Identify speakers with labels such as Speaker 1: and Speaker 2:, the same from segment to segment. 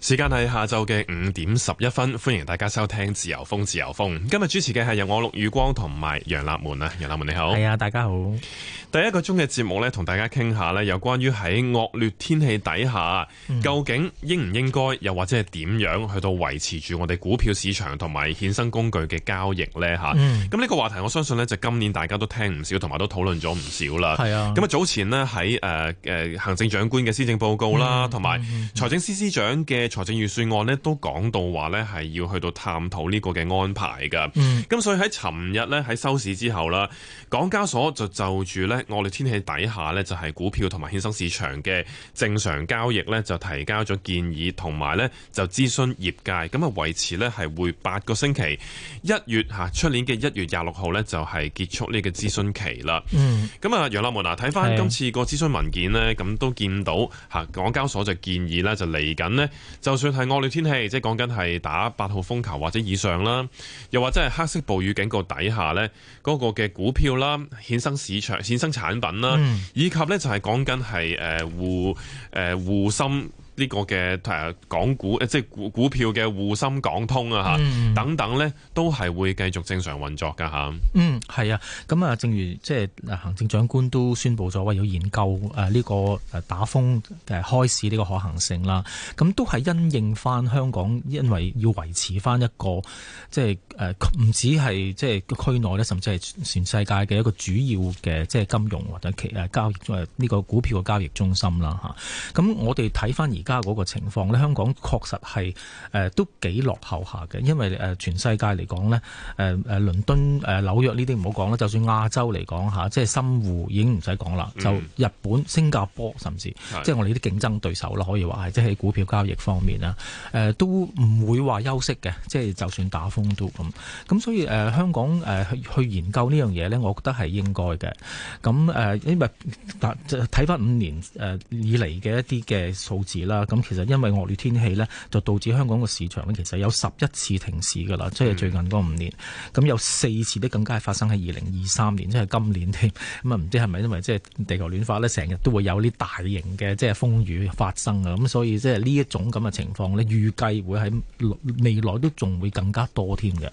Speaker 1: 時間係下晝嘅五點十一分，歡迎大家收聽自由風。自由風今日主持嘅係由我陸宇光同埋楊立門啊，楊立門你好，係啊，大家好。第一個鐘嘅節目呢，同大家傾下呢，有關於喺惡劣天氣底下，嗯，究竟應唔應該，又或者係點樣去到維持住我哋股票市場同埋衍生工具嘅交易呢？吓，嗯，咁呢個話題，我相信呢，就今年大家都聽唔少，同埋都討論咗唔少啦。係啊，咁啊早前呢，喺誒誒行政長官嘅施政報告啦，同埋財政司司長嘅。財政預算案呢都講到話呢係要去到探討呢個嘅安排噶，咁所以喺尋日呢，喺收市之後啦，港交所就就住呢，惡劣天氣底下呢，就係股票同埋衍生市場嘅正常交易呢，就提交咗建議，同埋呢，就諮詢業界，咁啊維持呢係會八個星期，一月吓出年嘅一月廿六號呢，就係結束呢個諮詢期啦，
Speaker 2: 嗯
Speaker 1: 啊。嗯，咁啊楊立文嗱，啊，睇翻今次個諮詢文件呢，咁都見到吓港交所就建議就呢，就嚟緊呢。就算係惡劣天氣，即係講緊係打八號風球或者以上啦，又或者係黑色暴雨警告底下呢嗰、那個嘅股票啦，衍生市場、衍生產品啦、嗯，以及呢就係講緊係誒護誒、呃、護心。呢、這個嘅誒，港股誒，即係股股票嘅滬深港通啊，吓、嗯、等等咧，都係會繼續正常運作噶吓。嗯，係啊。
Speaker 3: 咁啊，正如即係行政長官都宣布咗，話有研究誒呢個誒打風誒開市呢個可行性啦。咁都係因應翻香港，因為要維持翻一個即係誒唔止係即係區內咧，甚至係全世界嘅一個主要嘅即係金融或者期誒交易呢、這個股票嘅交易中心啦吓。咁我哋睇翻而家。家、那、嗰個情況咧，香港確實係誒、呃、都幾落後下嘅，因為誒、呃、全世界嚟講咧，誒誒倫敦、誒、呃、紐約呢啲唔好講啦。就算亞洲嚟講吓，即係深滬已經唔使講啦，就日本、新加坡，甚至、嗯、即係我哋啲競爭對手啦，可以話係即係股票交易方面啦，誒、呃、都唔會話休息嘅，即係就算打風都咁咁。所以誒、呃、香港誒去、呃、去研究這件事呢樣嘢咧，我覺得係應該嘅。咁誒因為嗱睇翻五年誒以嚟嘅一啲嘅數字。啦，咁其實因為惡劣天氣呢，就導致香港個市場咧，其實有十一次停市噶啦，即係最近嗰五年，咁有四次都更加係發生喺二零二三年，即係今年添。咁啊，唔知係咪因為即係地球暖化呢，成日都會有啲大型嘅即係風雨發生啊。咁所以即係呢一種咁嘅情況呢預計會喺未來都仲會更加多添嘅。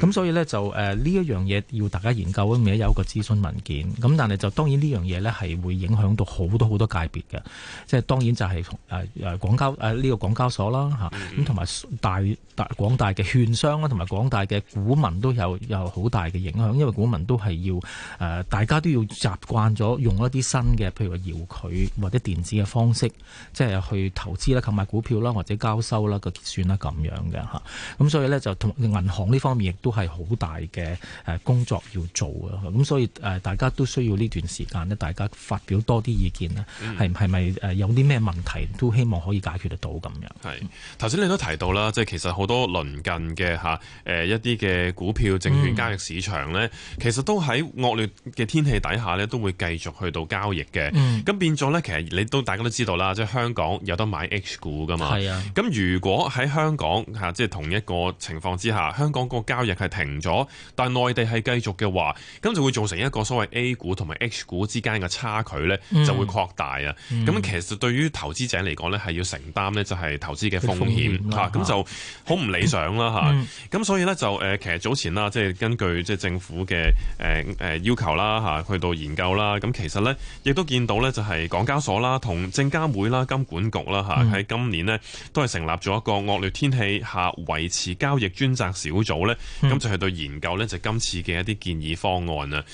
Speaker 3: 咁所以呢，就誒呢一樣嘢要大家研究啊，而家有一個諮詢文件。咁但係就當然呢樣嘢呢係會影響到好多好多界別嘅。即係當然就係誒。呃誒港交誒呢、啊這個港交所啦吓，咁同埋大大的商、啊、還有廣大嘅券商啦，同埋廣大嘅股民都有有好大嘅影響，因為股民都係要誒、呃、大家都要習慣咗用一啲新嘅，譬如話遙距或者電子嘅方式，即係去投資啦、購買股票啦或者交收啦、個結算啦咁樣嘅吓，咁、啊、所以咧就同銀行呢方面亦都係好大嘅誒、呃、工作要做啊。咁所以誒、呃、大家都需要呢段時間咧，大家發表多啲意見啊，係係咪誒有啲咩問題都希望可以解決得到咁樣，
Speaker 1: 係頭先你都提到啦，即係其實好多鄰近嘅吓誒一啲嘅股票證券交易市場咧，嗯、其實都喺惡劣嘅天氣底下咧，都會繼續去到交易嘅。咁、嗯、變咗咧，其實你都大家都知道啦，即係香港有得買 H 股噶嘛。係啊。咁如果喺香港吓即係同一個情況之下，香港個交易係停咗，但係內地係繼續嘅話，咁就會造成一個所謂 A 股同埋 H 股之間嘅差距咧，就會擴大啊。咁、嗯、其實對於投資者嚟講。呢係要承擔呢，就係投資嘅風險嚇，咁、啊啊、就好唔理想啦嚇。咁、嗯啊、所以呢，就誒，其實早前啦，即係根據即係政府嘅誒誒要求啦嚇，去到研究啦，咁其實呢，亦都見到呢，就係港交所啦、同證監會啦、金管局啦嚇，喺今年呢，都係成立咗一個惡劣天氣下維持交易專責小組呢，咁、嗯、就去到研究呢，就今次嘅一啲建議方案啊。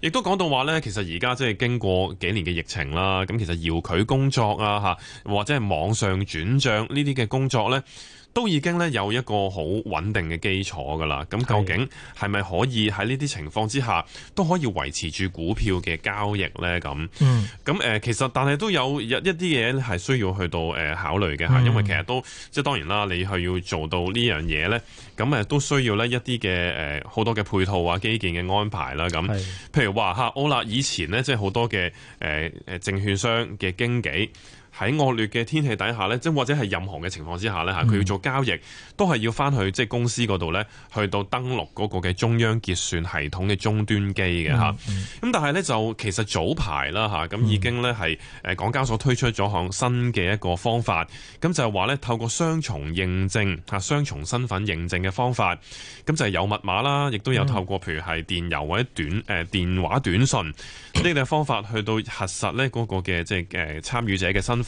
Speaker 1: 亦、嗯、都講到話呢，其實而家即係經過幾年嘅疫情啦，咁其實遙距工作啊嚇，或者係，網上轉賬呢啲嘅工作呢，都已經咧有一個好穩定嘅基礎噶啦。咁究竟係咪可以喺呢啲情況之下，都可以維持住股票嘅交易呢？咁，咁、嗯、誒，其實但係都有一啲嘢係需要去到誒考慮嘅吓，因為其實都即係當然啦，你係要做到呢樣嘢呢，咁誒都需要呢一啲嘅誒好多嘅配套啊、基建嘅安排啦。咁，譬如話吓歐立以前呢，即係好多嘅誒誒證券商嘅經紀。喺惡劣嘅天氣底下呢，即或者係任何嘅情況之下呢嚇，佢要做交易都係要翻去即係公司嗰度呢，去到登錄嗰個嘅中央結算系統嘅終端機嘅嚇。咁、嗯嗯、但係呢，就其實早排啦嚇，咁已經呢係誒港交所推出咗項新嘅一個方法，咁就係話呢，透過雙重認證嚇、雙重身份認證嘅方法，咁就係、是、有密碼啦，亦都有透過譬如係電郵或者短誒電話短信呢啲方法去到核實呢、那、嗰個嘅即係誒參與者嘅身份。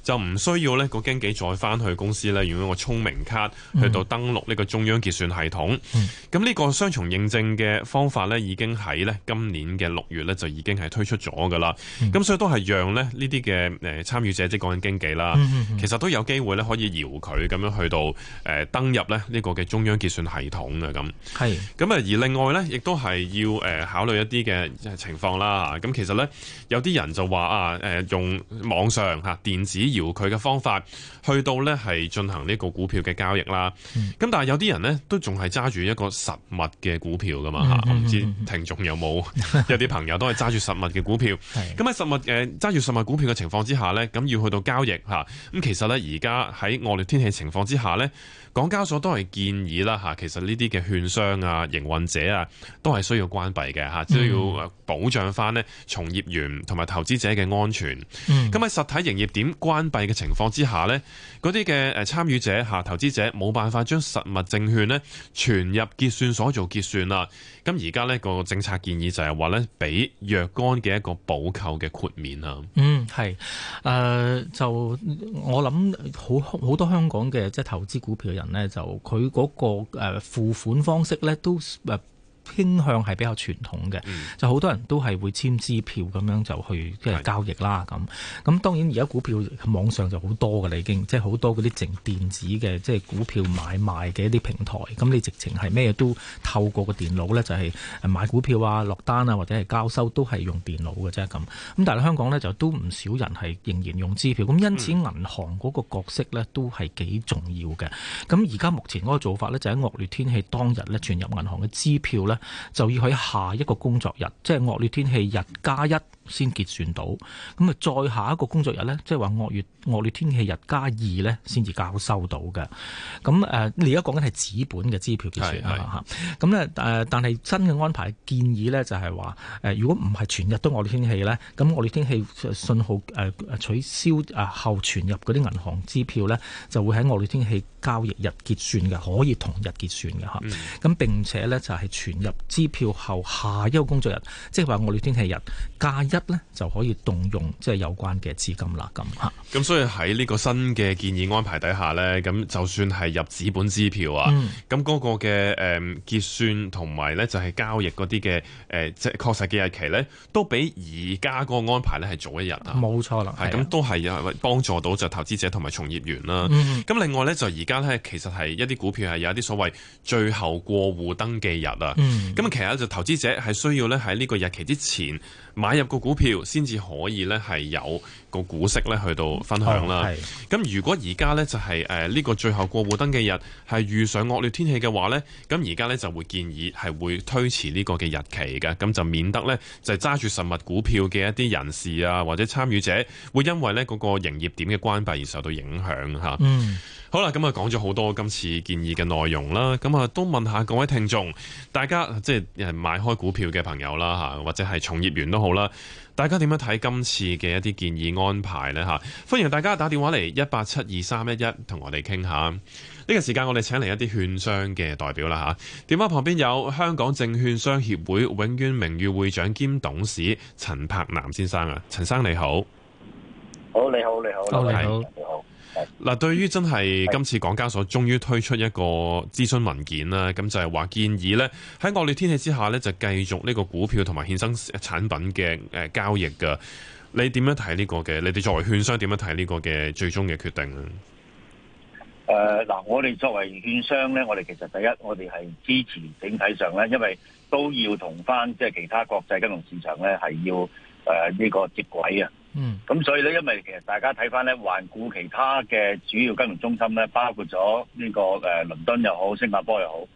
Speaker 1: 就唔需要呢個經紀再翻去公司咧，用一個聰明卡去到登錄呢個中央結算系統咁呢、嗯、個雙重認證嘅方法咧，已經喺咧今年嘅六月咧，就已經係推出咗噶啦。咁、嗯、所以都係讓咧呢啲嘅誒參與者，即、就、係、是、講緊經紀啦、嗯嗯嗯，其實都有機會咧可以搖佢咁樣去到誒、呃、登入咧呢、這個嘅中央結算系統嘅咁。係咁啊，而另外咧，亦都係要誒、呃、考慮一啲嘅情況啦。咁其實咧有啲人就話啊，誒、呃、用網上吓、啊、電子。遙距嘅方法，去到呢係進行呢個股票嘅交易啦。咁、嗯、但係有啲人呢都仲係揸住一個實物嘅股票噶嘛吓，我唔、嗯、知聽眾有冇、嗯？有啲朋友都係揸住實物嘅股票。咁、嗯、喺實物誒揸住實物股票嘅情況之下呢，咁要去到交易吓。咁、啊、其實呢，而家喺惡劣天氣情況之下呢。港交所都係建議啦，吓，其實呢啲嘅券商啊、營運者啊，都係需要關閉嘅，嚇，都要保障翻咧從業員同埋投資者嘅安全。咁、嗯、喺實體營業點關閉嘅情況之下咧，嗰啲嘅誒參與者吓、投資者冇辦法將實物證券咧存入結算所做結算啦。咁而家咧，個政策建議就係話咧俾若干嘅一個補救嘅豁免啊。嗯，
Speaker 3: 係誒、呃，就我諗好好多香港嘅即係投資股票咧就佢嗰個誒付款方式咧都誒，傾向係比較傳統嘅、嗯，就好多人都係會簽支票咁樣就去即係交易啦咁。咁當然而家股票網上就好多㗎啦，你已經即係好多嗰啲淨電子嘅即係股票買賣嘅一啲平台。咁你直情係咩都透過個電腦呢，就係、是、買股票啊、落單啊或者係交收都係用電腦嘅啫咁。咁但係香港呢，就都唔少人係仍然用支票。咁因此銀行嗰個角色呢都係幾重要嘅。咁而家目前嗰個做法呢，就喺惡劣天氣當日呢，存入銀行嘅支票呢，就要喺下一個工作日，即係惡劣天氣日加一，先結算到，咁啊再下一個工作日咧，即係話惡劣惡劣天氣日加二咧，先至交收到嘅。咁誒你而家講緊係紙本嘅支票結算啦嚇。咁咧誒但係新嘅安排的建議咧，就係話誒如果唔係全日都惡劣天氣咧，咁惡劣天氣信號誒取消啊後存入嗰啲銀行支票咧，就會喺惡劣天氣交易日結算嘅，可以同日結算嘅吓，咁並且咧就係存入支票後下一個工作日，即係話惡劣天氣日加一。咧就可以動用，即係有關嘅資金啦，咁吓。
Speaker 1: 咁所以喺呢個新嘅建議安排底下咧，咁就算係入紙本支票啊，咁嗰個嘅誒結算同埋咧就係交易嗰啲嘅誒，即係確實嘅日期咧，啊啊啊，都比而家個安排咧係早一日啊。冇錯啦，係咁都係有幫助到就投資者同埋從業員啦。咁另外咧就而家咧其實係一啲股票係有一啲所謂最後過戶登記日啊，嗯。咁其實就投資者係需要咧喺呢個日期之前。買入個股票先至可以咧，係有個股息咧去到分享啦、哦。咁如果而家咧就係誒呢個最後過戶登記日係遇上惡劣天氣嘅話咧，咁而家咧就會建議係會推遲呢個嘅日期嘅，咁就免得咧就係揸住實物股票嘅一啲人士啊或者參與者會因為咧嗰個營業點嘅關閉而受到影響吓。嗯好啦，咁啊講咗好多今次建議嘅內容啦，咁啊都問下各位聽眾，大家即係買開股票嘅朋友啦吓，或者係從業員都好啦，大家點樣睇今次嘅一啲建議安排呢？吓？歡迎大家打電話嚟一八七二三一一同我哋傾下。呢個時間我哋請嚟一啲券商嘅代表啦吓，電話旁邊有香港證券商協會永遠名譽會長兼董事陳柏楠先生啊，陳生你好。
Speaker 4: 好，你好你好。你好。你好你好 oh, 你好
Speaker 1: 嗱，對於真係今次港交所終於推出一個諮詢文件啦，咁就係話建議呢，喺惡劣天氣之下呢，就繼續呢個股票同埋衍生產品嘅誒交易嘅。你點樣睇呢個嘅？你哋作為券商點樣睇呢個嘅最終嘅決定
Speaker 5: 啊？誒，嗱，我哋作為券商呢，我哋其實第一，我哋係支持整體上呢，因為都要同返即係其他國際金融市場呢，係要誒呢個接軌啊。嗯，咁所以咧，因為其實大家睇翻咧，環顧其他嘅主要金融中心咧，包括咗呢個誒倫敦又好，新加坡又好，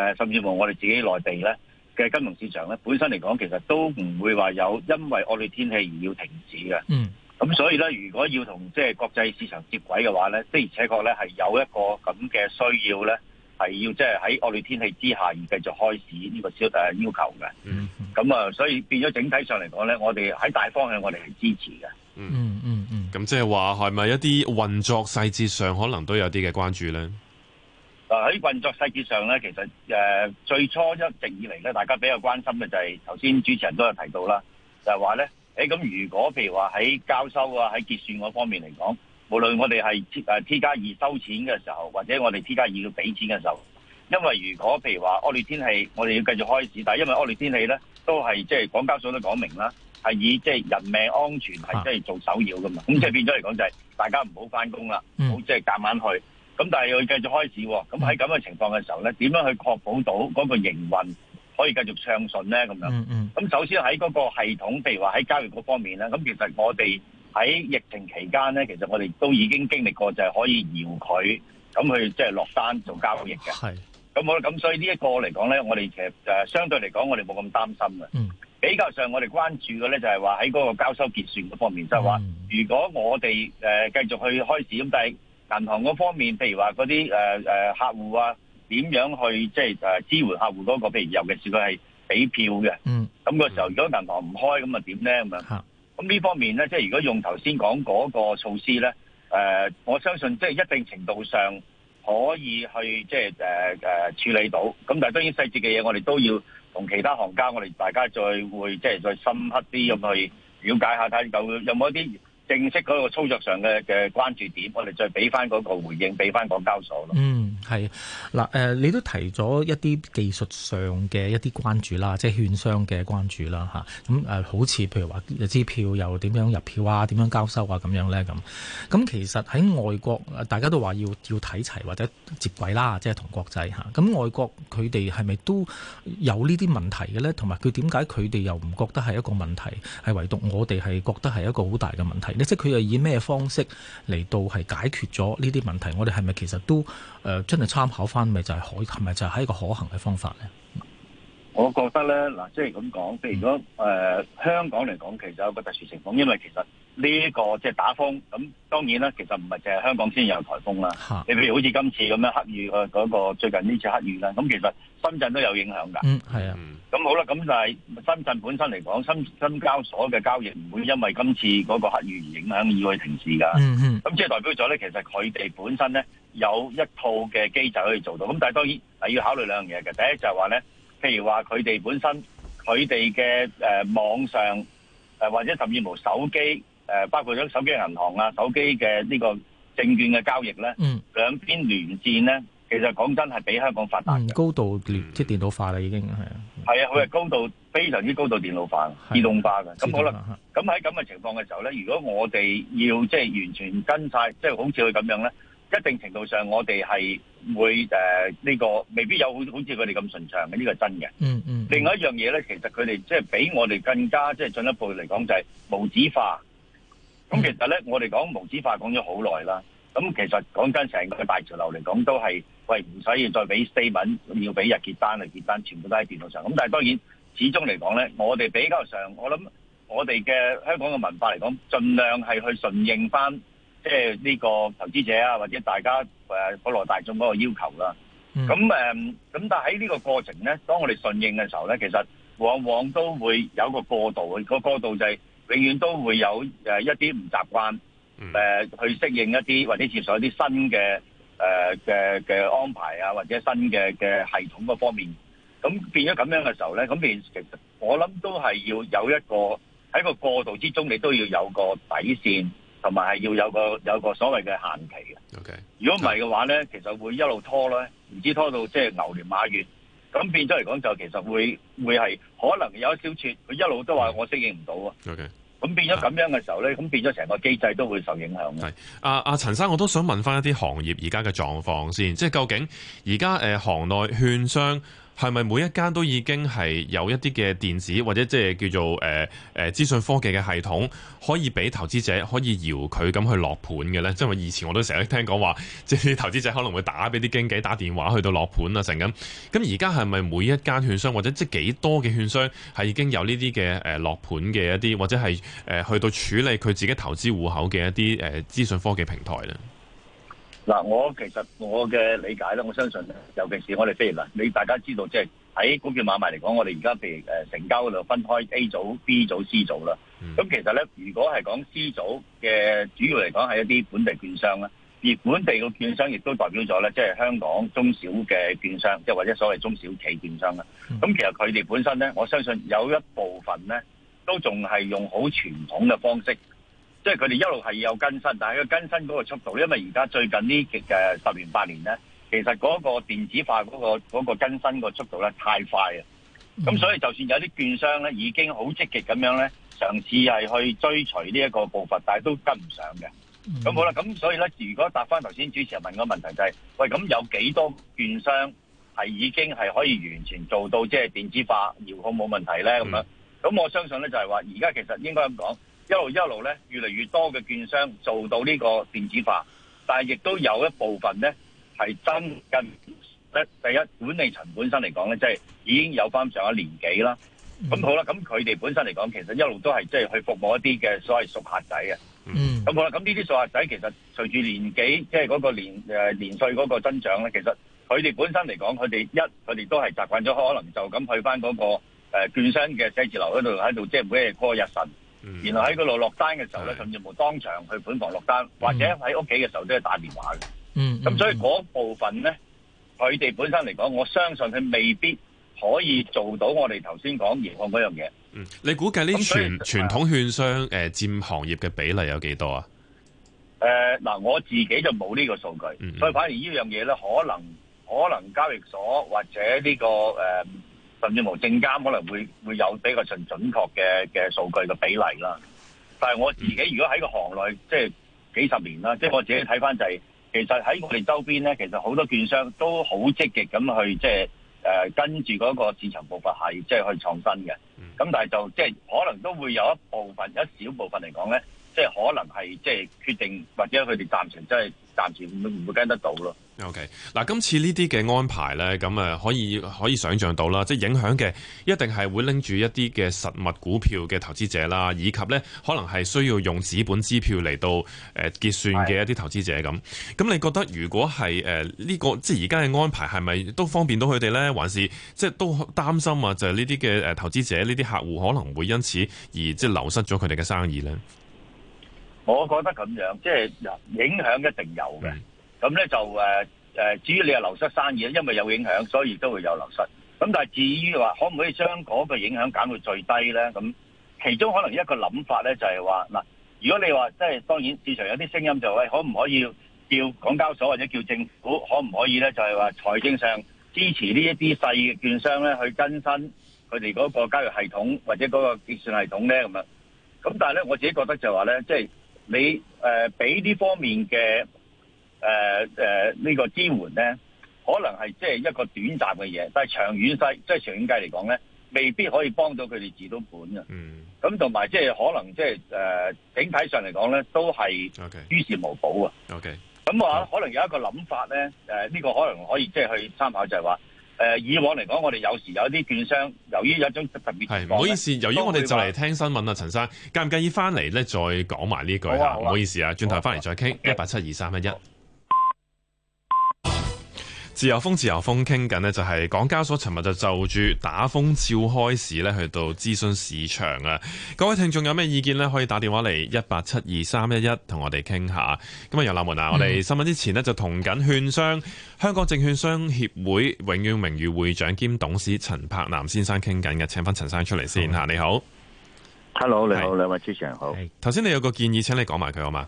Speaker 5: 誒甚至乎我哋自己內地咧嘅金融市場咧，本身嚟講其實都唔會話有因為惡劣天氣而要停止嘅。嗯，咁所以咧，如果要同即係國際市場接軌嘅話咧，的而且確咧係有一個咁嘅需要咧。係要即係喺惡劣天氣之下而繼續開市呢個小誒要求嘅。嗯，咁、嗯、啊，所以變咗整體上嚟講咧，我哋喺大方向我哋係支持嘅。嗯嗯嗯。
Speaker 1: 咁即係話係咪一啲運作細節上可能都有啲嘅關注咧？嗱
Speaker 5: 喺運作細節上咧，其實誒、呃、最初一直以嚟咧，大家比較關心嘅就係頭先主持人都有提到啦，就係話咧，誒、欸、咁如果譬如話喺交收啊喺結算嗰方面嚟講。無論我哋係 T T 加二收錢嘅時候，或者我哋 T 加二要俾錢嘅時候，因為如果譬如話惡劣天氣，我哋要繼續開市。但因為惡劣天氣咧，都係即係港交所都講明啦，係以即係、就是、人命安全係即係做首要噶嘛。咁即係變咗嚟講就係、是、大家唔好返工啦，唔好即係夾硬去。咁但係又繼續開市喎。咁喺咁嘅情況嘅時候咧，點樣去確保到嗰個營運可以繼續暢順咧？咁樣咁首先喺嗰個系統，譬如話喺交易嗰方面咧，咁其實我哋。喺疫情期間咧，其實我哋都已經經歷過，就係可以搖佢咁去即係落單做交易嘅。係咁好啦，咁所以呢一個嚟講咧，我哋其實、呃、相對嚟講，我哋冇咁擔心嘅。嗯，比較上我哋關注嘅咧就係話喺嗰個交收結算嗰方面就，就係話如果我哋誒、呃、繼續去開始咁，但係銀行嗰方面，譬如話嗰啲誒客戶啊，點樣去即係、呃、支援客戶嗰、嗰個？譬如尤其是佢係俾票嘅。嗯，咁個時候如果銀行唔開，咁啊點咧咁樣咁呢方面咧，即係如果用頭先講嗰個措施咧，誒，我相信即係一定程度上可以去即係誒誒處理到。咁但係當然細節嘅嘢，我哋都要同其他行家，我哋大家再會即係再深刻啲咁去了解下，睇有有冇一啲正式嗰個操作上嘅嘅關注點，我哋再俾翻嗰個回應，俾翻港交所咯。嗯。
Speaker 3: 係嗱，誒你都提咗一啲技術上嘅一啲關注啦，即係券商嘅關注啦吓，咁誒好似譬如話，支票又點樣入票啊？點樣交收啊？咁樣咧咁。咁其實喺外國大家都話要要睇齊或者接軌啦，即係同國際吓，咁外國佢哋係咪都有呢啲問題嘅咧？同埋佢點解佢哋又唔覺得係一個問題，係唯獨我哋係覺得係一個好大嘅問題，你即係佢又以咩方式嚟到係解決咗呢啲問題，我哋係咪其實都誒。呃真係參考翻咪就係可係咪就係喺一個可行嘅方法咧？
Speaker 5: 我覺得咧嗱，即係咁講，譬如如果、呃、香港嚟講，其實有個特殊情況，因為其實。呢、這、一個即係打風，咁當然啦，其實唔係淨係香港先有颱風啦。
Speaker 2: 你、啊、譬如好似
Speaker 5: 今次咁樣黑雨、那個嗰個最近呢次黑雨啦，咁其實深圳都有影響噶。嗯，
Speaker 2: 係啊。
Speaker 5: 咁好啦，咁但係深圳本身嚟講，深深交所嘅交易唔會因為今次嗰個黑雨而影響以會停止噶。嗯嗯。咁即係代表咗咧，其實佢哋本身咧有一套嘅機制可以做到。咁但係當然係要考慮兩樣嘢嘅。第一就係話咧，譬如話佢哋本身佢哋嘅誒網上誒、呃、或者甚至乎手機。誒，包括咗手機銀行啊，手機嘅呢個證券嘅交易咧、嗯，兩邊聯戰咧，其實講真係比香港發達、嗯、
Speaker 3: 高度即電腦化啦，已經係啊，係、
Speaker 5: 嗯、啊，佢係高度非常之高度電腦化、自動化嘅。咁、嗯、好啦，咁喺咁嘅情況嘅時候咧，如果我哋要即係完全跟晒，即、就、係、是、好似佢咁樣咧，一定程度上我哋係會誒呢、呃這個未必有好好似佢哋咁順暢嘅呢、這個真嘅。嗯嗯。另外一樣嘢咧，其實佢哋即係比我哋更加即係、就是、進一步嚟講，就係無紙化。咁、嗯、其實咧，我哋講無紙化講咗好耐啦。咁其實講真，成個大潮流嚟講都係，喂，唔使要再俾 statement，要俾日結單日結單，全部都喺電腦上。咁但係當然，始終嚟講咧，我哋比較上，我諗我哋嘅香港嘅文化嚟講，盡量係去順應翻，即係呢個投資者啊，或者大家誒普羅大眾嗰個要求啦。咁、嗯、誒，咁但係喺呢個過程咧，當我哋順應嘅時候咧，其實往往都會有個過渡嘅，嗰個過渡就係、是。永遠都會有誒一啲唔習慣，誒、呃、去適應一啲或者接受一啲新嘅誒嘅嘅安排啊，或者新嘅嘅系統嗰方面，咁變咗咁樣嘅時候咧，咁變其實我諗都係要有一個喺個過渡之中，你都要有個底線，同埋係要有個有個所謂嘅限期嘅。OK，如果唔係嘅話咧，其實會一路拖咧，唔知拖到即係牛年馬月。咁變咗嚟講，就其實會會係可能有一小撮，佢一路都話我適應唔到
Speaker 2: 啊。咁、okay。
Speaker 5: 變咗咁樣嘅時候咧，咁變咗成個機制都會受影響咯。係
Speaker 1: 啊啊，陳生，我都想問翻一啲行業而家嘅狀況先，即係究竟而家誒行內券商。係咪每一間都已經係有一啲嘅電子或者即係叫做誒誒資訊科技嘅系統，可以俾投資者可以遙距咁去落盤嘅呢？即係以前我都成日聽講話，即係投資者可能會打俾啲經紀打電話去到落盤啊，成咁。咁而家係咪每一間券商或者即係幾多嘅券商係已經有呢啲嘅落盤嘅一啲或者係、呃、去到處理佢自己投資戶口嘅一啲誒資訊科技平台呢？
Speaker 5: 嗱，我其實我嘅理解咧，我相信，尤其是我哋譬如嗱，你大家知道，即係喺股票買賣嚟講，我哋而家譬如誒成交嗰度分開 A 組、B 組、C 組啦。咁其實咧，如果係講 C 組嘅主要嚟講係一啲本地券商啦，而本地嘅券商亦都代表咗咧，即係香港中小嘅券商，即係或者所謂中小企券商啦。咁其實佢哋本身咧，我相信有一部分咧，都仲係用好傳統嘅方式。即係佢哋一路係有更新，但係佢更新嗰個速度，因為而家最近呢幾誒十年八年咧，其實嗰個電子化嗰個嗰個更新個速度咧太快啊！咁所以就算有啲券商咧已經好積極咁樣咧，嘗試係去追隨呢一個步伐，但係都跟唔上嘅。咁好啦，咁所以咧，如果答翻頭先主持人問個問題就係、是：喂，咁有幾多券商係已經係可以完全做到即係、就是、電子化遙控冇問題咧？咁樣咁我相信咧就係話，而家其實應該咁講。一路一路咧，越嚟越多嘅券商做到呢個電子化，但係亦都有一部分咧係增近。第一，管理層本身嚟講咧，即係已經有翻上一年幾啦。嗯，咁好啦，咁佢哋本身嚟講，其實一路都係即係去服務一啲嘅所謂熟客仔嘅。
Speaker 2: 嗯，咁
Speaker 5: 好啦，咁呢啲熟客仔其實隨住年紀，即係嗰個年誒年歲嗰個增長咧，其實佢哋本身嚟講，佢哋一佢哋都係習慣咗可能就咁去翻嗰個誒券商嘅寫字樓嗰度喺度，即係每日過日神。嗯、然後喺嗰度落單嘅時候咧，甚至乎當場去本房落單、嗯，或者喺屋企嘅時候都係打電話嘅。嗯，咁所以嗰部分咧，佢、嗯、哋本身嚟講，我相信佢未必可以做到我哋頭先講銀行嗰樣嘢。嗯，
Speaker 1: 你估計呢傳傳統券商誒佔、呃、行業嘅比例有幾多
Speaker 5: 啊？誒，嗱，我自己就冇呢個數據、嗯，所以反而呢樣嘢咧，可能可能交易所或者呢、這個誒。呃甚至乎證監可能會會有比較準準確嘅嘅數據嘅比例啦，但係我自己如果喺個行內即係幾十年啦，即係我自己睇返就係其實喺我哋周邊咧，其實好多券商都好積極咁去即係誒跟住嗰個市場步伐係即係去創新嘅，咁但係就即係可能都會有一部分一小部分嚟講咧，即係可能係即係決定或者佢哋暫時即係暫時唔會唔會跟得到咯。
Speaker 1: OK，嗱，今次呢啲嘅安排呢，咁啊可以可以想象到啦，即係影響嘅一定係會拎住一啲嘅實物股票嘅投資者啦，以及呢可能係需要用紙本支票嚟到結算嘅一啲投資者咁。咁你覺得如果係誒呢個即係而家嘅安排係咪都方便到佢哋呢？還是即係都擔心啊？就係呢啲嘅投資者呢啲客戶可能會因此而即係流失咗佢哋嘅生意呢？
Speaker 5: 我覺得咁樣，即係影響一定有嘅。嗯咁咧就誒至於你話流失生意，因為有影響，所以都會有流失。咁但係至於話可唔可以將嗰個影響減到最低咧？咁其中可能一個諗法咧，就係話嗱，如果你話即係當然，市場有啲聲音就話，是，可唔可以叫港交所或者叫政府，可唔可以咧？就係、是，話財政上支持呢一啲細嘅券商咧，去更新佢哋嗰個交易系統或者嗰個結算系統咧？咁啊，咁但係咧，我自己覺得就話咧，即、就、係、是、你誒俾呢方面嘅。誒、呃、誒，呢、呃這個支援咧，可能係即係一個短暫嘅嘢，但係長遠勢即係長遠計嚟講咧，未必可以幫到佢哋治到本嘅。嗯，咁同埋即係可能即係誒整體上嚟講咧，都係於事無補啊。OK，咁、okay，話、嗯、可能有一個諗法咧，誒、呃、呢、這個可能可以即係去參考，就係話誒以往嚟講，我哋有時有啲券商由於有一種特別情況，係唔好意思。由於我哋就嚟
Speaker 1: 聽新聞啊，陳生介唔介意翻嚟咧再講埋呢句嚇？唔好意思啊，轉頭翻嚟再傾一八七二三一一。自由風，自由風，傾緊呢就係、是、港交所，尋日就就住打風照開市呢去到諮詢市場啊！各位聽眾有咩意見呢？可以打電話嚟一八七二三一一，同我哋傾下。咁啊，由立門啊，我哋新聞之前呢就同緊券商香港證券商協會永遠名譽會長兼董事陳柏楠先生傾緊嘅，請翻陳生出嚟先、嗯、你好
Speaker 5: ，Hello，你好，兩位主持人好。
Speaker 1: 頭先你有個建議，請你講埋佢好嘛？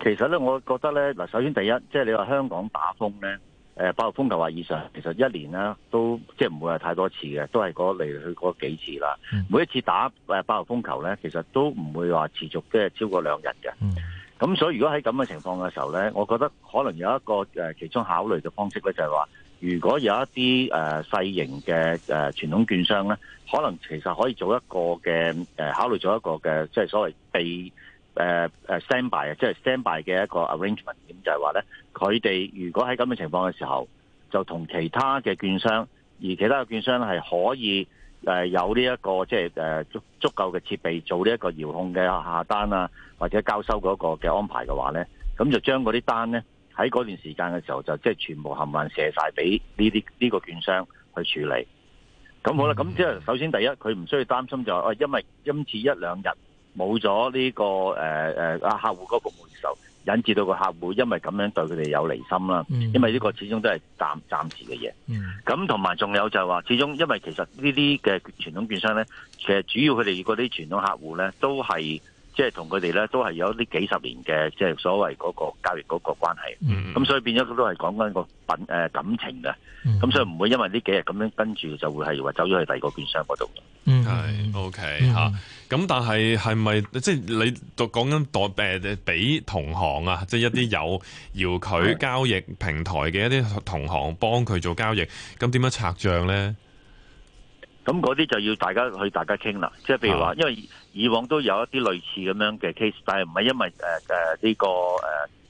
Speaker 5: 其實咧，我覺得咧，嗱，首先第一，即、就、係、是、你話香港打風咧。誒八號風球話以上，其實一年呢都即係唔會話太多次嘅，都係嚟去嗰幾次啦、嗯。每一次打誒八號風球咧，其實都唔會話持續即係超過兩日嘅。咁、嗯、所以如果喺咁嘅情況嘅時候咧，我覺得可能有一個誒其中考慮嘅方式咧，就係、是、話，如果有一啲誒、呃、細型嘅誒、呃、傳統券商咧，可能其實可以做一個嘅、呃、考慮，做一個嘅即係所謂被。誒、uh, standby 啊，即係 standby 嘅一個 arrangement，就係話咧，佢哋如果喺咁嘅情況嘅時候，就同其他嘅券商，而其他嘅券商係可以誒、呃、有呢、這、一個即係誒足足夠嘅設備做呢一個遙控嘅下單啊，或者交收嗰個嘅安排嘅話咧，咁就將嗰啲單咧喺嗰段時間嘅時候就即係、就是、全部冚運卸晒俾呢啲呢個券商去處理。咁好啦，咁即係首先第一，佢唔需要擔心就誒、是，因為今次一兩日。冇咗呢個誒誒啊，客戶嗰個接受，引致到個客戶因為咁樣對佢哋有離心啦。因為呢、mm -hmm. 個始終都係暫暫,暫時嘅嘢。咁同埋仲有就係、是、話，始終因為其實傳呢啲嘅傳統券商咧，其實主要佢哋嗰啲傳統客戶咧都係。即係同佢哋咧，都係有呢幾十年嘅，即係所謂嗰個交易嗰個關係。咁所以變咗都係講緊個品誒感情啊。咁所以唔會因為呢幾日咁樣跟住就會係話走咗去第二個券商嗰度。嗯，
Speaker 1: 係 OK 吓。咁但係係咪即係你講緊代誒俾同行啊，即係一啲有搖腿交易平台嘅一啲同行幫佢做交易，咁點樣拆賬咧？
Speaker 5: 咁嗰啲就要大家去大家傾啦。即係譬如話，因為。以往都有一啲類似咁樣嘅 case，但係唔係因為誒誒呢個誒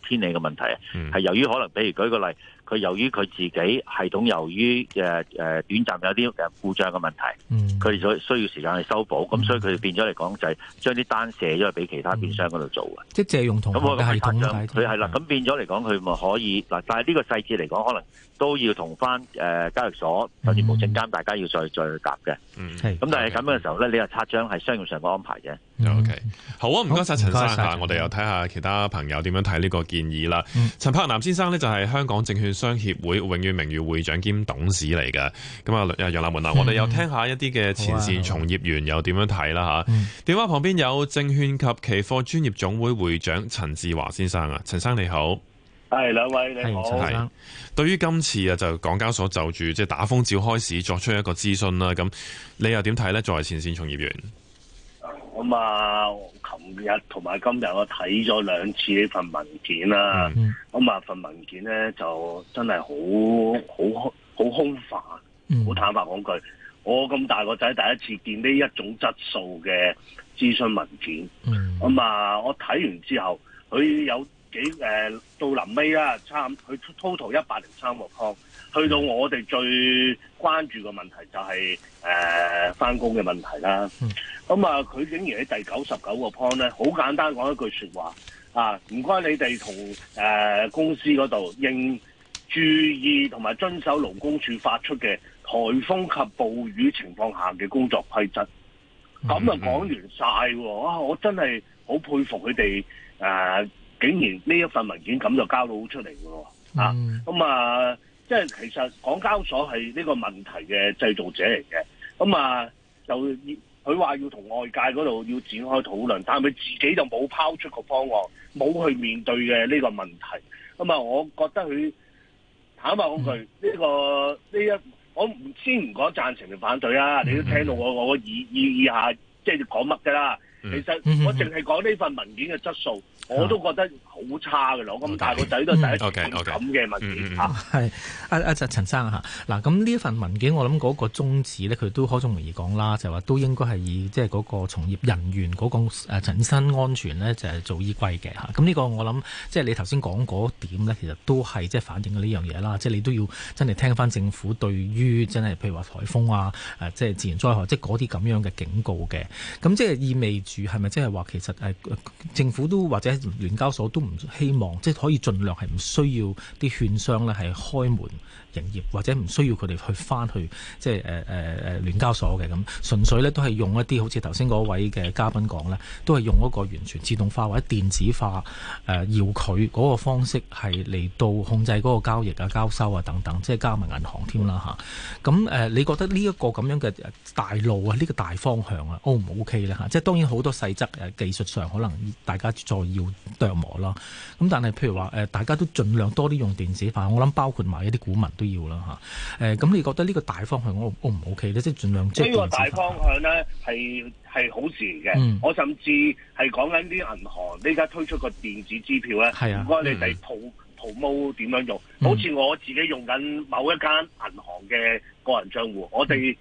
Speaker 5: 天氣嘅問題啊，係由於可能譬如舉個例。佢由於佢自己系統，由於誒誒短暫有啲故障嘅問題，佢、嗯、所需要時間去修補，咁、嗯、所以佢變咗嚟講就係將啲單卸咗去俾其他券商嗰度做嘅，即係借用同埋咁我係拆張佢係啦，咁變咗嚟講佢咪可以嗱，但係呢個細節嚟講，可能都要同翻誒交易所甚至無證監大家要再、嗯、再去答嘅，咁、嗯、但係咁嘅時候咧，你又拆張係商業上嘅安排嘅。O、嗯、K，、
Speaker 1: 嗯、好啊，唔該晒陳生謝謝我哋又睇下其他朋友點樣睇呢個建議啦、嗯。陳柏楠先生呢，就係香港證券商協會永遠名譽會長兼董事嚟㗎，咁啊楊立文啊、嗯，我哋又聽一下一啲嘅前線從業員又點樣睇啦吓？電話、啊啊、旁邊有證券及期貨專業總會會長陳志華先生啊，陳生你好，
Speaker 4: 係兩位你好，係。
Speaker 1: 對於今次啊，就港交所就住即係、就是、打風照開市，作出一個諮詢啦，咁你又點睇呢？作為前線從業員？
Speaker 4: 咁啊，琴日同埋今日我睇咗兩次呢份文件啦。咁啊，份文件咧就真係好好好空泛，好坦白講句，mm -hmm. 我咁大個仔第一次見呢一種質素嘅諮詢文件。咁啊，我睇完之後，佢有幾誒到臨尾啦，差唔多，佢 total 一百零三個方。去到我哋最關注嘅問題就係誒翻工嘅問題啦。咁、嗯、啊，佢竟然喺第九十九個 point 咧，好簡單講一句說話啊！唔該你哋同誒公司嗰度應注意同埋遵守勞工處發出嘅颱風及暴雨情況下嘅工作規則。咁、嗯、啊，講、嗯、完晒喎啊！我真係好佩服佢哋誒，竟然呢一份文件咁就交到出嚟嘅喎啊！
Speaker 2: 咁、
Speaker 4: 嗯、啊～、嗯啊即係其實港交所係呢個問題嘅製造者嚟嘅，咁啊，就佢話要同外界嗰度要展開討論，但係佢自己就冇拋出個方案，冇去面對嘅呢個問題。咁啊，我覺得佢坦白講句，呢、嗯呢個呢一、呢個，我唔先唔講贊成嘅反對啦，你都聽到我我意意意下即係、就係、講乜嘅啦。嗯、其實我淨係講呢份文件嘅質素。我都覺得好差㗎咯，
Speaker 2: 咁、哦、大
Speaker 3: 係個仔都係，一咁嘅文件係阿阿陳生嗱，咁呢一份文件我諗嗰個宗旨咧，佢都開宗明義講啦，就話、是、都應該係以即係嗰個從業人員嗰、那個誒、啊、人身安全咧，就係、是、做依歸嘅。咁呢個我諗即係你頭先講嗰點咧，其實都係即係反映咗呢樣嘢啦，即、就、係、是、你都要真係聽翻政府對於真係譬如話颱風啊即係、啊就是、自然災害即係嗰啲咁樣嘅警告嘅。咁即係意味住係咪即係話其實誒、啊、政府都或者？聯交所都唔希望，即係可以盡量係唔需要啲券商咧係開門。營業或者唔需要佢哋去翻去，即係誒誒誒聯交所嘅咁，純粹咧都係用一啲好似頭先嗰位嘅嘉賓講咧，都係用一個完全自動化或者電子化誒，要佢嗰個方式係嚟到控制嗰個交易啊、交收啊等等，即係加埋銀行添啦吓，咁、啊、誒、呃，你覺得呢一個咁樣嘅大路啊，呢、呢個大方向可可呢啊，O 唔 O K 咧即係當然好多細則、呃、技術上可能大家再要琢磨啦。咁但係譬如話、呃、大家都盡量多啲用電子化，我諗包括埋一啲股民。要啦咁、欸、你覺得呢個大方向我唔 OK 咧？即係儘量。呢、這個大方
Speaker 4: 向咧係好事嚟嘅，我甚至係講緊啲銀行呢家推出個電子支票咧，唔該你哋 promo 點樣用？好似我自己用緊某一間銀行嘅個人帳戶、嗯，我哋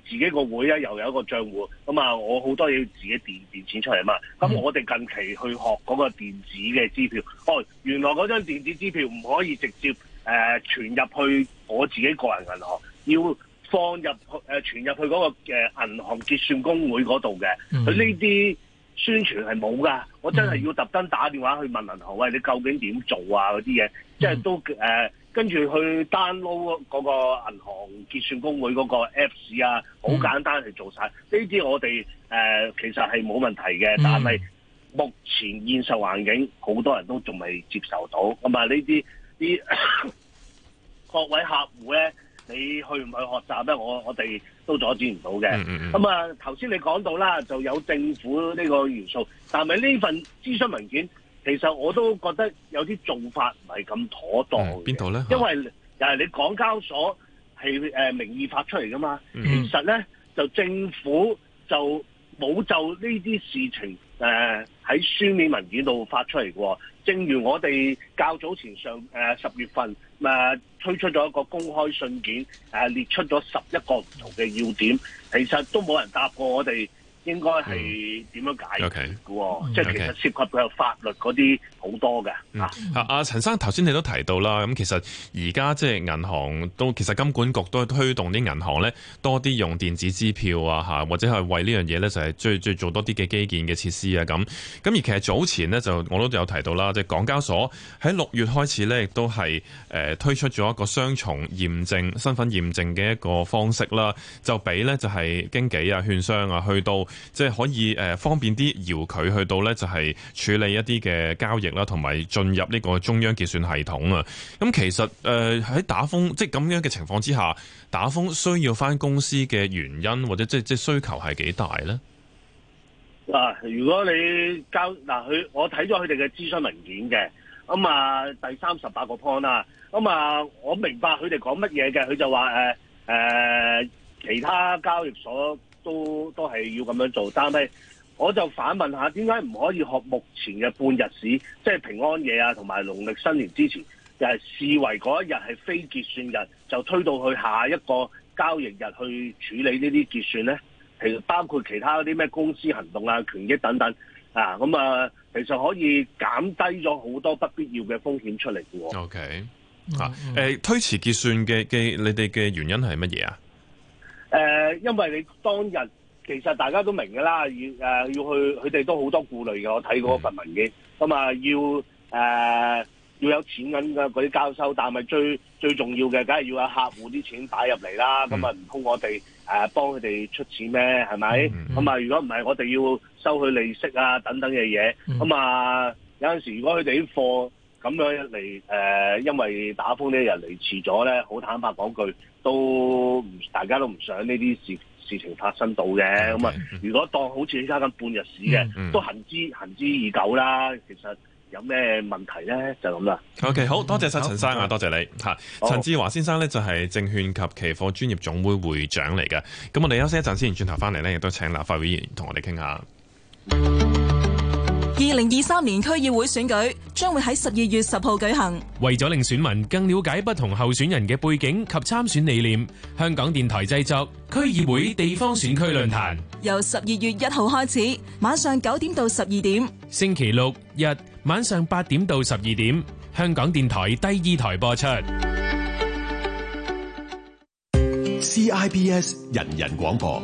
Speaker 4: 自己個會咧又有一個帳戶，咁、嗯、啊我好多嘢要自己電電錢出嚟嘛，咁、嗯、我哋近期去學嗰個電子嘅支票，哦原來嗰張電子支票唔可以直接。誒、呃、傳入去我自己個人銀行，要放入誒傳、呃、入去嗰、那個誒、呃、銀行結算公會嗰度嘅，佢呢啲宣傳係冇噶，我真係要特登打電話去問銀行，喂，你究竟點做啊嗰啲嘢，即係都誒、呃、跟住去 download 嗰個銀行結算公會嗰個 Apps 啊，好簡單去做晒。呢啲，我哋誒其實係冇問題嘅，但係目前現實環境好多人都仲未接受到，咁啊呢啲。啲 各位客戶咧，你去唔去學習咧？我我哋都阻止唔、嗯嗯嗯、到嘅。咁啊，頭先你講到啦，就有政府呢個元素，但係呢份諮詢文件，其實我都覺得有啲做法唔係咁妥當。邊度咧？因為又係你港交所係誒名義發出嚟噶嘛，其實咧就政府就冇就呢啲事情喺、呃、書面文件度發出嚟嘅喎。正如我哋較早前上、呃、十月份咁、呃、推出咗一個公開信件，呃、列出咗十一個唔同嘅要點，其實都冇人答過我哋應該係點樣解決喎，嗯、okay, 即係其實涉及佢有法律嗰啲。
Speaker 1: 好多嘅啊、嗯、啊！陳生頭先你都提到啦，咁其實而家即係銀行都其實金管局都推動啲銀行咧，多啲用電子支票啊吓，或者係為呢樣嘢咧就係追追做多啲嘅基建嘅設施啊咁。咁而其實早前咧就我都有提到啦，即、就、係、是、港交所喺六月開始咧，亦都係誒、呃、推出咗一個雙重驗證身份驗證嘅一個方式啦，就俾咧就係、是、經紀啊、券商啊去到即係、就是、可以誒方便啲遙距去到咧就係、是、處理一啲嘅交易。啦，同埋進入呢個中央結算系統啊。咁其實誒喺、呃、打風，即係咁樣嘅情況之下，打風需要返公司嘅原因，或者即係即係需求係幾大咧？
Speaker 4: 嗱，如果你交嗱佢、啊，我睇咗佢哋嘅諮詢文件嘅，咁啊第三十八個 point 啦，咁啊我明白佢哋講乜嘢嘅，佢就話誒誒其他交易所都都係要咁樣做，但係。我就反問下，點解唔可以學目前嘅半日市，即係平安夜啊，同埋農曆新年之前，就係視為嗰一日係非結算日，就推到去下一個交易日去處理呢啲結算咧？其實包括其他嗰啲咩公司行動啊、權益等等啊，咁啊，其實可以減低咗好多不必要嘅風險出嚟嘅。OK、嗯
Speaker 1: 嗯、啊？誒，推遲結算嘅嘅，你哋嘅原因係乜嘢啊？
Speaker 4: 誒，因為你當日。其實大家都明㗎啦，要誒、呃、要去，佢哋都好多顧慮嘅。我睇嗰份文件，咁啊要誒、呃、要有錢銀嘅嗰啲交收，但係最最重要嘅，梗係要有客戶啲錢擺入嚟啦。咁啊唔通我哋誒、呃、幫佢哋出錢咩？係咪？咁啊如果唔係，我哋要收佢利息啊等等嘅嘢。咁啊有陣時，如果佢哋啲貨咁樣嚟誒、呃，因為打風呢一日嚟遲咗咧，好坦白講句，都唔大家都唔想呢啲事。事情發生到嘅咁啊！Okay, 如果當好似依家咁半日
Speaker 2: 市嘅、嗯嗯，都
Speaker 4: 行之行之已久啦。其實有咩問題呢？就咁、是、
Speaker 1: 啦。OK，好多謝晒陳生啊！多謝，oh, 多謝你嚇。Oh. 陳志華先生呢，就係證券及期貨專業總會會長嚟嘅。咁我哋休息一陣先，轉頭翻嚟呢，亦都請立法會議員同我哋傾下。
Speaker 3: 二零二三年區議會選舉將會喺十二月十號舉行。
Speaker 1: 為咗令選民更了解不同候選人嘅背景及參選理念，香港電台製作區議會地方選區論壇，
Speaker 3: 由十二月一號開始，晚上九點到十二點，
Speaker 1: 星期六、日晚上八點到十二點，香港電台第二台
Speaker 6: 播出。CIBS 人人廣播。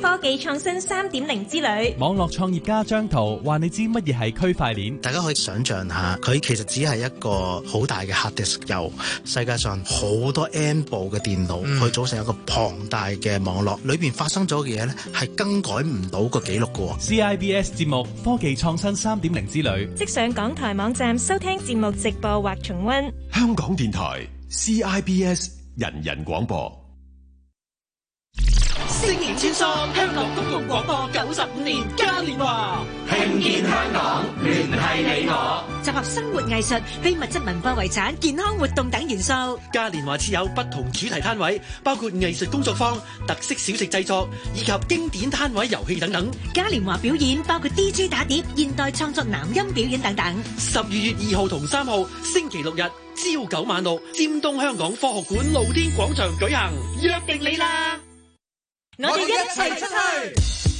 Speaker 3: 科技創新三點零之旅，
Speaker 6: 網絡創業家張濤話：你
Speaker 3: 知乜嘢係區塊鏈？大家可以想象下，佢其實只係一個好大嘅 hard disk 由世界上好多 M 部嘅電腦去組成一個龐大嘅網絡，嗯、裏邊發生咗嘅嘢咧係更改唔到個記錄噶。CIBS 節目《科技創
Speaker 6: 新三點零之旅》，
Speaker 3: 即上港台網站收聽節目直播或重溫。
Speaker 6: 香港電台 CIBS 人人廣播。
Speaker 3: 新年千歲，香港公共廣播九十五年嘉年華，聽見香港，聯繫你我，集合生活藝術、非物質文化遺產、健康活動等元素。嘉年華設有不同主題攤位，包括藝術工作坊、特色小食製作以及經典攤位遊戲等等。嘉年華表演包括 DJ 打碟、現代創作男音表演等等。十二月二號同三號星期六日朝九晚
Speaker 4: 六，尖東香港科學館露天廣場舉行，
Speaker 5: 約定你啦！
Speaker 2: 我哋一齊出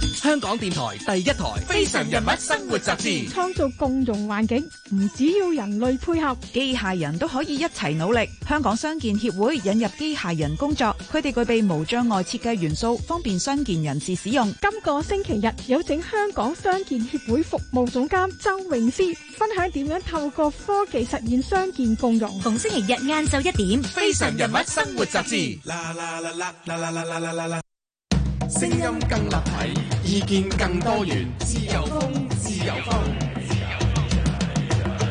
Speaker 1: 香港電台第一
Speaker 4: 台《非常人物
Speaker 5: 生活雜誌》，創造共融環境，唔只要人類配合，機械人都可以一齊努力。香港傷健協會引入機械人工作，佢哋具備無障礙設計元素，方便傷健人士使用。今個星期日有請香港傷健協會服務總監周詠詩分享點樣透過科技實現傷健共融。逢星期
Speaker 4: 日晏晝一點，《非常人物生活雜誌》啦。啦啦啦啦
Speaker 3: 啦
Speaker 1: 啦聲音更立體，意見更多元，自
Speaker 2: 由風，自由風，自由風。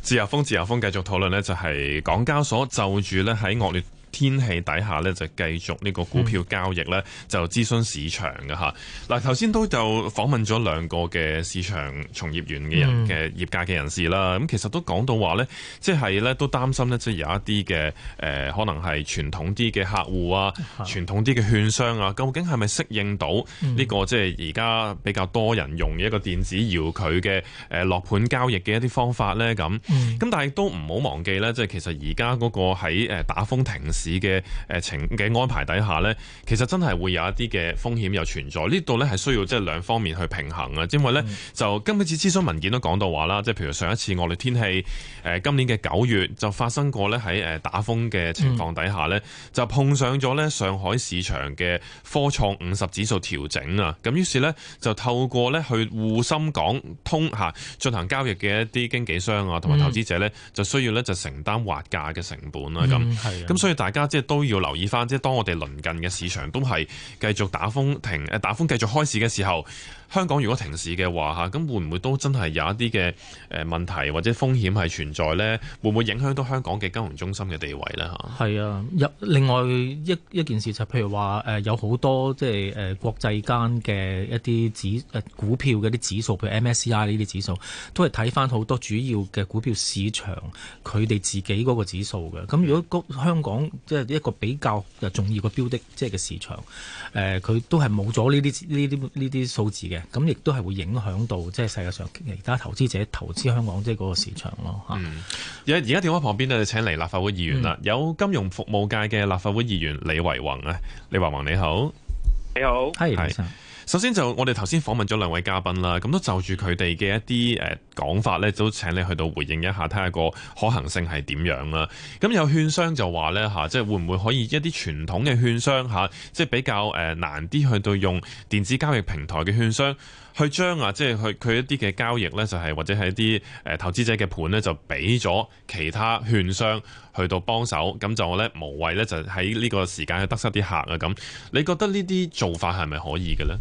Speaker 1: 自由風，自由風。繼續討論咧，就係港交所就住咧喺惡劣天氣底下咧，就繼續呢個股票交易咧、嗯，就諮詢市場嘅吓嗱，頭先都就訪問咗兩個嘅市場從業員嘅人嘅、嗯、業界嘅人士啦。咁其實都講到話咧，即係咧都擔心咧，即係有一啲嘅誒，可能係傳統啲嘅客戶啊、嗯，傳統啲嘅券商啊，究竟係咪適應到呢、呢個、嗯、即係而家比較多人用嘅一個電子遙距嘅誒落盤交易嘅一啲方法咧？咁、嗯、咁，但係都唔好忘記咧，即係其實而家嗰個喺誒打風停市。嘅誒情嘅安排底下咧，其實真係會有一啲嘅風險又存在。呢度咧係需要即係兩方面去平衡啊。因為咧、嗯、就今次諮詢文件都講到話啦，即係譬如上一次惡劣天氣誒、呃、今年嘅九月就發生過咧喺誒打風嘅情況底下咧、嗯，就碰上咗咧上海市場嘅科創五十指數調整啊。咁於是咧就透過咧去滬深港通吓進行交易嘅一啲經紀商啊，同埋投資者咧就需要咧就承擔滑價嘅成本啦。咁、嗯、咁、嗯、所以大家。家即係都要留意翻，即係當我哋鄰近嘅市場都係繼續打風停，誒打風繼續開市嘅時候，香港如果停市嘅話嚇，咁會唔會都真係有一啲嘅誒問題或者風險係存在呢？會唔會影響到香港嘅金融中心嘅地位呢？嚇，係
Speaker 3: 啊！另外一一件事就係，譬如話誒，有好多即係誒國際間嘅一啲指誒股票嘅啲指數，譬如 MSCI 呢啲指數，都係睇翻好多主要嘅股票市場佢哋自己嗰個指數嘅。咁如果香港即係一個比較又重要個標的，即係個市場，誒、呃，佢都係冇咗呢啲呢啲呢啲數字嘅，咁亦都係會影響到即係世界上其他投資者投資香港即係嗰個市場咯
Speaker 1: 吓。而、嗯、家電話旁邊咧，請嚟立法會議員啦、嗯，有金融服務界嘅立法會議員李惟宏咧，李惟宏你好，你、hey, 好，係。首先就我哋頭先訪問咗兩位嘉賓啦，咁都就住佢哋嘅一啲誒講法咧，都請你去到回應一下，睇下個可行性係點樣啦。咁有券商就話咧吓，即係會唔會可以一啲傳統嘅券商吓，即係比較誒難啲去到用電子交易平台嘅券商去將啊，即係去佢一啲嘅交易咧，就係或者係一啲誒投資者嘅盤咧，就俾咗其他券商去到幫手，咁就咧無謂咧就喺呢個時間去得失啲客啊。咁你覺得呢啲做法係咪可以嘅
Speaker 6: 咧？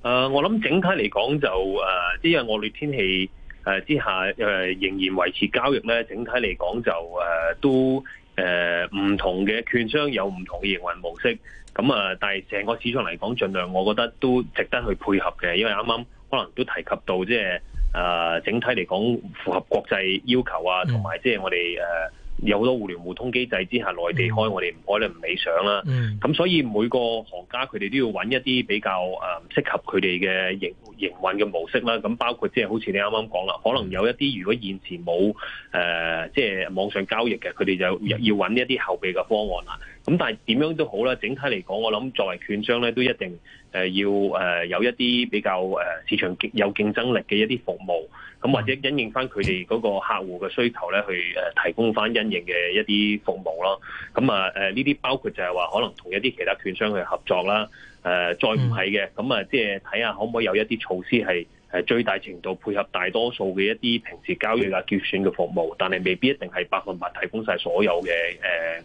Speaker 6: 誒、呃，我諗整體嚟講就誒，因為惡劣天氣誒、呃、之下誒、呃，仍然維持交易咧。整體嚟講就誒、呃，都誒唔、呃、同嘅券商有唔同嘅營運模式。咁、嗯、啊，但係成個市場嚟講，盡量我覺得都值得去配合嘅。因為啱啱可能都提及到，即係誒，整體嚟講符合國際要求啊，同埋即係我哋誒。呃有好多互聯互通機制之下，內地開我哋唔開咧，唔理想啦。咁所以每個行家佢哋都要揾一啲比較誒、嗯、適合佢哋嘅營營運嘅模式啦。咁包括即係好似你啱啱講啦，可能有一啲如果現時冇誒即係網上交易嘅，佢哋就要揾一啲後備嘅方案啦。咁但係點樣都好啦，整體嚟講，我諗作為券商咧都一定。誒要誒有一啲比較誒市場有競爭力嘅一啲服務，咁或者因應翻佢哋嗰個客戶嘅需求咧，去誒提供翻因應嘅一啲服務咯。咁啊誒呢啲包括就係話可能同一啲其他券商去合作啦。誒再唔係嘅，咁啊即係睇下可唔可以有一啲措施係。誒最大程度配合大多數嘅一啲平時交易啊、結算嘅服務，但係未必一定係百分百提供晒所有嘅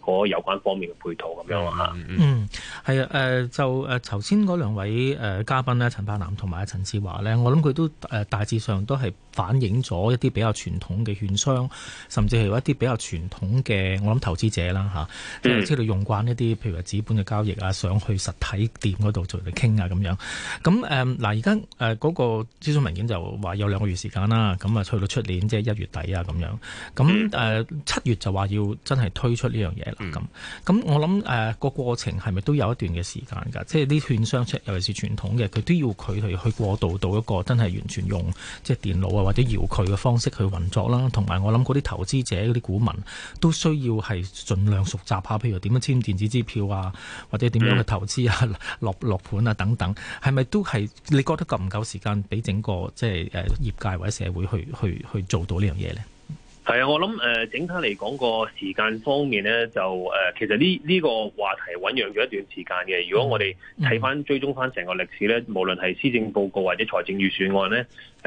Speaker 6: 誒嗰有關方面嘅配套咁樣啊。嗯
Speaker 3: 嗯，係啊。誒就誒頭先嗰兩位誒嘉賓咧，陳柏楠同埋阿陳志華咧，我諗佢都誒大致上都係反映咗一啲比較傳統嘅券商，甚至係一啲比較傳統嘅我諗投資者啦嚇，即係知道用慣一啲譬如話紙本嘅交易啊，想去實體店嗰度做嚟傾啊咁樣。咁誒嗱而家誒嗰個。啲文件就話有兩個月時間啦，咁啊去到出年即係、就是、一月底啊咁樣，咁誒七月就話要真係推出呢樣嘢啦，咁咁我諗誒個過程係咪都有一段嘅時間㗎？即係啲券商出，尤其是傳統嘅，佢都要佢哋去過渡到一個真係完全用即係電腦啊或者遙距嘅方式去運作啦。同埋我諗嗰啲投資者嗰啲股民都需要係盡量熟習下，譬如點樣簽電子支票啊，或者點樣去投資啊、落落盤啊等等，係咪都係你覺得夠唔夠時間俾整？個即係誒，業界或者社會去去去做到這件事呢樣
Speaker 6: 嘢咧？係啊，我諗誒，整體嚟講個時間方面咧，就誒，其實呢呢個話題醞釀咗一段時間嘅。如果我哋睇翻追蹤翻成個歷史咧，無論係施政報告或者財政預算案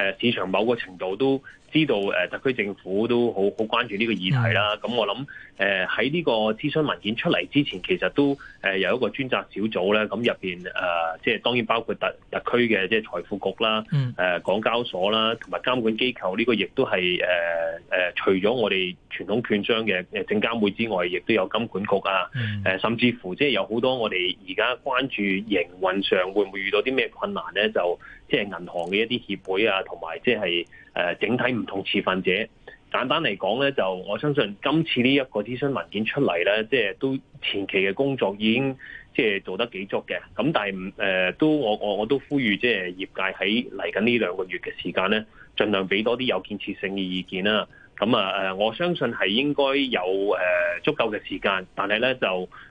Speaker 6: 咧，誒，市場某個程度都。知道、呃、特區政府都好好關注呢個議題啦。咁我諗誒喺呢個諮詢文件出嚟之前，其實都誒、呃、有一個專責小組咧。咁入面，誒、呃，即係當然包括特特區嘅即係財富局啦、誒、呃、港交所啦，同埋監管機構呢個亦都係誒除咗我哋傳統券商嘅誒證監會之外，亦都有金管局啊、嗯呃，甚至乎即係有好多我哋而家關注營運上會唔會遇到啲咩困難咧？就即係銀行嘅一啲協會啊，同埋即係誒整體唔同持份者。簡單嚟講咧，就我相信今次呢一個諮詢文件出嚟咧，即係都前期嘅工作已經即係做得幾足嘅。咁但係誒都我我我都呼籲即係業界喺嚟緊呢兩個月嘅時間咧，盡量俾多啲有建設性嘅意見啦。咁啊誒，我相信係應該有誒足夠嘅時間，但係咧就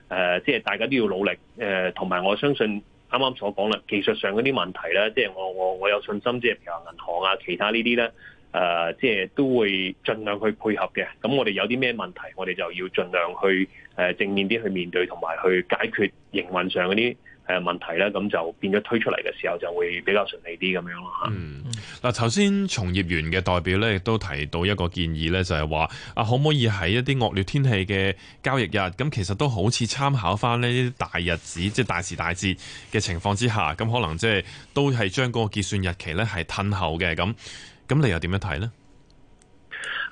Speaker 6: 誒即係大家都要努力誒，同埋我相信。啱啱所講啦，技術上嗰啲問題咧，即係我我我有信心，即係譬如銀行啊，其他呢啲咧，誒、呃，即係都會盡量去配合嘅。咁我哋有啲咩問題，我哋就要盡量去誒正面啲去面對，同埋去解決營運上嗰啲，誒問題咧，咁就變咗推出嚟嘅時候就會比較順利啲咁樣咯嚇。
Speaker 1: 嗯，嗱，頭先從業員嘅代表咧，亦都提到一個建議咧，就係話啊，可唔可以喺一啲惡劣天氣嘅交易日，咁其實都好似參考翻呢啲大日子，即係大時大節嘅情況之下，咁可能即係都係將嗰個結算日期咧係褪後嘅咁，咁你又點樣睇呢？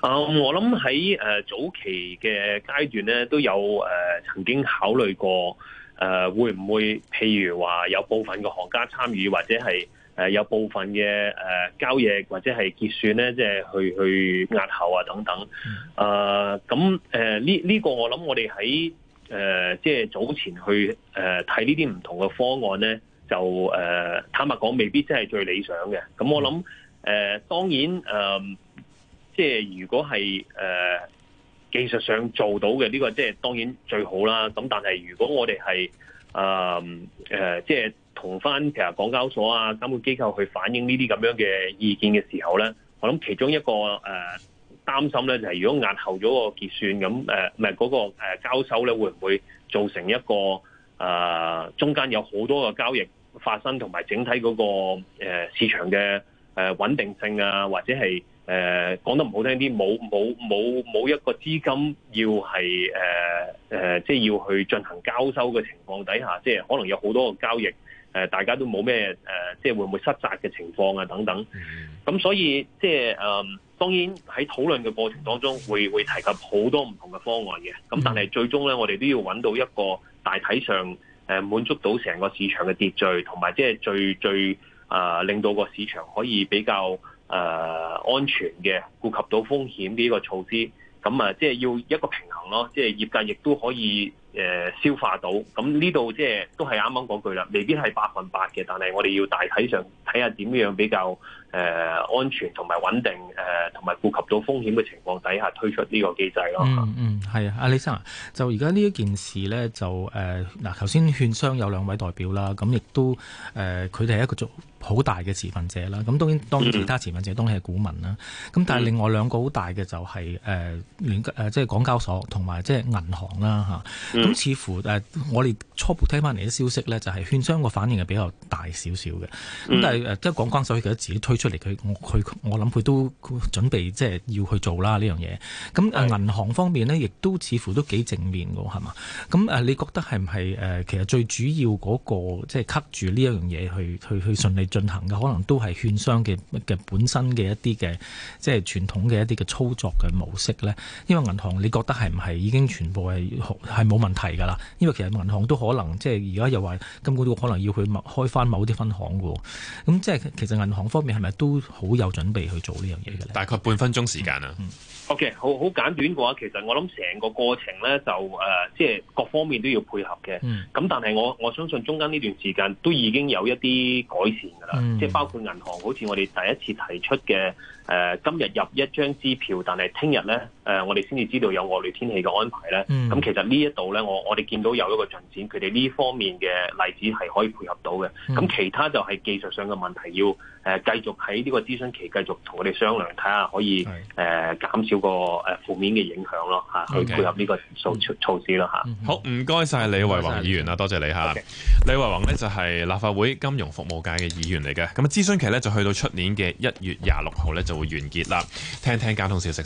Speaker 6: 啊，我諗喺誒早期嘅階段咧，都有誒曾經考慮過。誒、呃、會唔會譬如話有部分嘅行家參與，或者係誒有部分嘅誒、呃、交易，或者係結算咧，即、就、係、是、去去押後啊等等。誒咁誒呢呢個我諗我哋喺誒即係早前去誒睇呢啲唔同嘅方案咧，就誒、呃、坦白講未必真係最理想嘅。咁我諗誒、呃、當然誒，即、呃、係、就是、如果係誒。呃技術上做到嘅呢、這個即係當然最好啦。咁但係如果我哋係誒誒，即係同返其實港交所啊監管機構去反映呢啲咁樣嘅意見嘅時候咧，我諗其中一個誒、呃、擔心咧就係、是、如果押後咗個結算咁誒，唔係嗰個交收咧會唔會造成一個誒、呃、中間有好多個交易發生，同埋整體嗰、那個、呃、市場嘅誒穩定性啊，或者係？誒、呃，講得唔好聽啲，冇冇冇冇一個資金要係誒誒，即係要去進行交收嘅情況底下，即係可能有好多個交易，誒、呃，大家都冇咩誒，即係會唔會失責嘅情況啊，等等。咁所以即係誒、呃，當然喺討論嘅過程當中，會會提及好多唔同嘅方案嘅。咁但係最終咧，我哋都要揾到一個大體上誒，滿、呃、足到成個市場嘅秩序，同埋即係最最啊、呃，令到個市場可以比較。誒、呃、安全嘅顧及到風險呢個措施，咁、呃、啊，即係要一個平衡咯，即係業界亦都可以誒、呃、消化到。咁呢度即係都係啱啱講句啦，未必係百分百嘅，但係我哋要大體上睇下點樣比較誒、呃、安全同埋穩定誒，同、呃、埋顧及到風險嘅情況底下推出呢個機制咯。嗯嗯，
Speaker 3: 係啊，阿李生啊，就而家呢一件事咧，就誒嗱頭先券商有兩位代表啦，咁亦都誒佢哋係一個做。好大嘅持份者啦，咁當然當其他持份者當係股民啦，咁、嗯、但係另外兩個好大嘅就係誒聯即係港交所同埋即係銀行啦，咁、嗯啊、似乎誒、呃、我哋初步聽翻嚟啲消息咧，就係、是、券商個反應係比較大少少嘅，咁但係即係港交所其實自己推出嚟佢我佢我諗佢都準備即係要去做啦呢樣嘢，咁誒、呃、銀行方面咧，亦都似乎都幾正面㗎，係嘛？咁、嗯呃、你覺得係唔係、呃、其實最主要嗰、那個即係 cut 住呢一樣嘢去去去順利？進行嘅可能都係券商嘅嘅本身嘅一啲嘅，即係傳統嘅一啲嘅操作嘅模式咧。因為銀行，你覺得係唔係已經全部係係冇問題㗎啦？因為其實銀行都可能即係而家又話，金管局都可能要去開翻某啲分行㗎。咁即係其實銀行方面係咪都好有準備去做這件事呢樣嘢嘅？咧？大概
Speaker 1: 半分鐘時間啊、嗯。嗯
Speaker 6: OK，好好簡短嘅話，其實我諗成個過程咧、呃，就誒，即係各方面都要配合嘅。咁但係我我相信中間呢段時間都已經有一啲改善㗎啦，即係包括銀行好似我哋第一次提出嘅。誒、呃，今日入一張支票，但係聽日咧，誒、呃，我哋先至知道有惡劣天氣嘅安排咧。咁、嗯、其實呢一度咧，我我哋見到有一個進展，佢哋呢方面嘅例子係可以配合到嘅。咁、嗯、其他就係技術上嘅問題，要誒繼、呃、續喺呢個諮詢期繼續同我哋商量，睇下可以誒減、呃、少個誒負、呃、面嘅影響咯，吓、okay, 去配合呢個措、嗯、措施咯、
Speaker 2: 吓、嗯。
Speaker 1: 好，唔該晒李惟宏議員啦、嗯，多謝你吓。Okay, 李惟宏咧就係立法會金融服務界嘅議員嚟嘅。咁啊，諮詢期咧就去到出年嘅一月廿六號咧就會完結啦，聽聽交通消息。